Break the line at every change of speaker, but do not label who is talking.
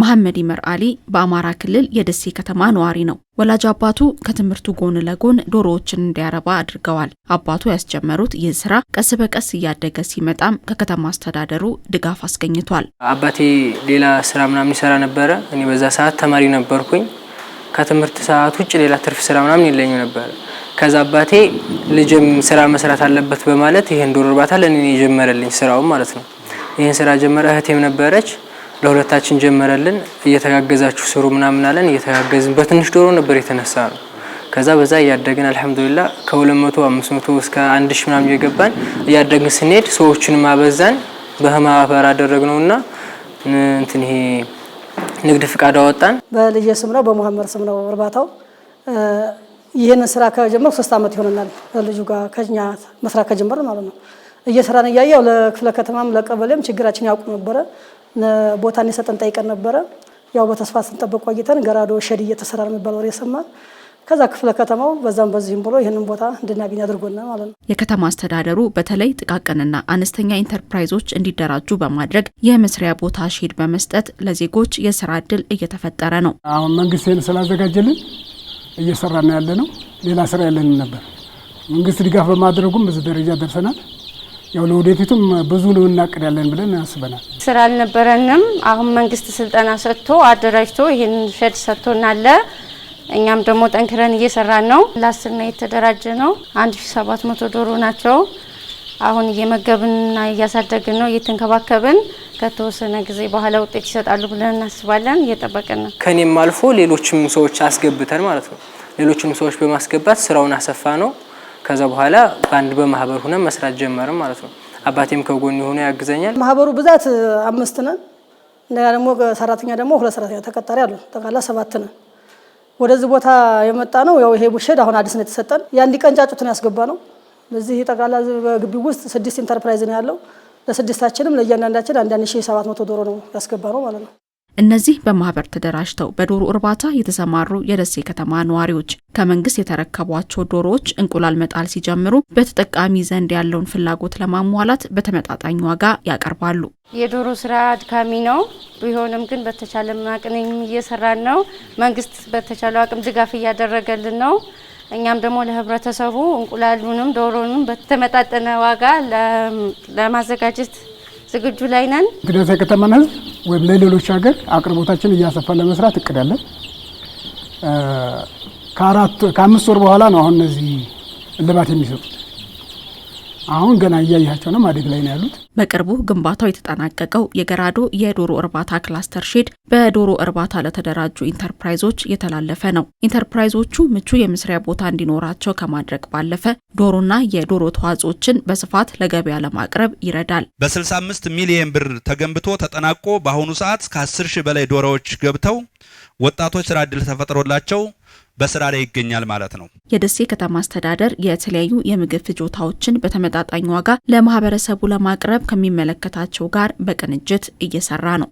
መሐመድ ይመር አሊ በአማራ ክልል የደሴ ከተማ ነዋሪ ነው። ወላጅ አባቱ ከትምህርቱ ጎን ለጎን ዶሮዎችን እንዲያረባ አድርገዋል። አባቱ ያስጀመሩት ይህ ስራ ቀስ በቀስ እያደገ ሲመጣም ከከተማ አስተዳደሩ ድጋፍ አስገኝቷል።
አባቴ ሌላ ስራ ምናምን ይሰራ ነበረ። እኔ በዛ ሰዓት ተማሪ ነበርኩኝ። ከትምህርት ሰዓት ውጭ ሌላ ትርፍ ስራ ምናምን የለኝ ነበር። ከዛ አባቴ ልጅም ስራ መስራት አለበት በማለት ይህን ዶሮ እርባታ ለእኔ የጀመረልኝ ስራውም ማለት ነው። ይህን ስራ ጀመረ። እህቴም ነበረች ለሁለታችን ጀመረልን። እየተጋገዛችሁ ስሩ ምናምን አለን። እየተጋገዝን በትንሽ ዶሮ ነበር የተነሳ ነው። ከዛ በዛ እያደግን አልሐምዱሊላ ከ200 500 እስከ 1000 ምናምን እየገባን እያደግን ስንሄድ ሰዎችንም አበዛን። በማህበር አደረግነውና እንትን ይሄ ንግድ ፍቃድ አወጣን።
በልየ ስም ነው በሙሐመድ ስም ነው እርባታው። ይህንን ስራ ከጀመር ሶስት ዓመት ይሆነናል። ልጁ ጋር ከኛ መስራት ከጀመር ማለት ነው። እየሰራን እያየው ለክፍለ ከተማም ለቀበሌም ችግራችን ያውቁ ነበረ። ቦታ እንዲሰጠን ጠይቀን ነበረ። ያው በተስፋ ስንጠብቅ ቆይተን ገራዶ ሸድ እየተሰራ ነው የሚባለው ወሬ ሰማን። ከዛ ክፍለ ከተማው በዛም በዚህም ብሎ ይህንን ቦታ እንድናገኝ አድርጎና ማለት ነው።
የከተማ አስተዳደሩ በተለይ ጥቃቅንና አነስተኛ ኢንተርፕራይዞች እንዲደራጁ በማድረግ የመስሪያ ቦታ ሼድ በመስጠት ለዜጎች የስራ እድል እየተፈጠረ ነው።
አሁን መንግስት ይህን ስላዘጋጀልን እየሰራን ያለ ነው። ሌላ ስራ የለንም ነበር። መንግስት ድጋፍ በማድረጉም ብዙ ደረጃ ደርሰናል። ያው ለወደፊቱም ብዙ ነው እናቅዳለን ብለን አስበናል።
ስራ አልነበረንም። አሁን መንግስት ስልጠና ሰጥቶ አደራጅቶ ይህን ሸድ ሰጥቶናለ። እኛም ደግሞ ጠንክረን እየሰራን ነው። ለአስር የተደራጀ ነው። አንድ ሺ ሰባት መቶ ዶሮ ናቸው። አሁን እየመገብንና እያሳደግን ነው፣ እየተንከባከብን ከተወሰነ ጊዜ በኋላ ውጤት ይሰጣሉ ብለን እናስባለን። እየጠበቅን ነው።
ከኔም አልፎ ሌሎችም ሰዎች አስገብተን ማለት ነው። ሌሎችም ሰዎች በማስገባት ስራውን አሰፋ ነው። ከዛ በኋላ በአንድ በማህበር ሆነ መስራት ጀመርም ማለት ነው። አባቴም ከጎን ሆኖ ያግዘኛል።
ማህበሩ ብዛት አምስት ነን። እንደገና ደግሞ ሰራተኛ ደግሞ ሁለት ሰራተኛ ተቀጣሪ አሉ። ጠቅላላ ሰባት ነን። ወደዚህ ቦታ የመጣ ነው ያው ይሄ ቡሸድ አሁን አዲስ ነው የተሰጠን። ያን ቀን ነው ያስገባ ነው። በዚህ ጠቅላላ በግቢው ውስጥ ስድስት ኢንተርፕራይዝ ነው ያለው። ለስድስታችንም ለእያንዳንዳችን አንዳንድ ሺህ ሰባት መቶ ዶሮ ነው ያስገባ ነው ማለት ነው።
እነዚህ በማህበር ተደራጅተው በዶሮ እርባታ የተሰማሩ የደሴ ከተማ ነዋሪዎች ከመንግስት የተረከቧቸው ዶሮዎች እንቁላል መጣል ሲጀምሩ በተጠቃሚ ዘንድ ያለውን ፍላጎት ለማሟላት በተመጣጣኝ ዋጋ ያቀርባሉ።
የዶሮ ስራ አድካሚ ነው። ቢሆንም ግን በተቻለ አቅም እየሰራን ነው። መንግስት በተቻለው አቅም ድጋፍ እያደረገልን ነው። እኛም ደግሞ ለህብረተሰቡ እንቁላሉንም ዶሮንም በተመጣጠነ ዋጋ ለማዘጋጀት ዝግጁ ላይ ነን።
የደሴ ከተማን ህዝብ ወይም ለሌሎች ሀገር አቅርቦታችን እያሰፋን ለመስራት እቅዳለን። ከአምስት ወር በኋላ ነው አሁን እነዚህ እልባት የሚሰጡት። አሁን ገና እያያቸው ነው፣ ማደግ ላይ ነው ያሉት።
በቅርቡ ግንባታው የተጠናቀቀው የገራዶ የዶሮ እርባታ ክላስተር ሼድ በዶሮ እርባታ ለተደራጁ ኢንተርፕራይዞች የተላለፈ ነው። ኢንተርፕራይዞቹ ምቹ የመስሪያ ቦታ እንዲኖራቸው ከማድረግ ባለፈ ዶሮና የዶሮ ተዋጽኦችን በስፋት ለገበያ ለማቅረብ ይረዳል።
በ65 ሚሊየን ብር ተገንብቶ ተጠናቆ በአሁኑ ሰዓት ከ10 ሺህ በላይ ዶሮዎች ገብተው ወጣቶች ስራ እድል ተፈጥሮላቸው በስራ ላይ ይገኛል ማለት ነው።
የደሴ ከተማ አስተዳደር የተለያዩ የምግብ ፍጆታዎችን በተመጣጣኝ ዋጋ ለማህበረሰቡ ለማቅረብ ከሚመለከታቸው ጋር በቅንጅት እየሰራ ነው።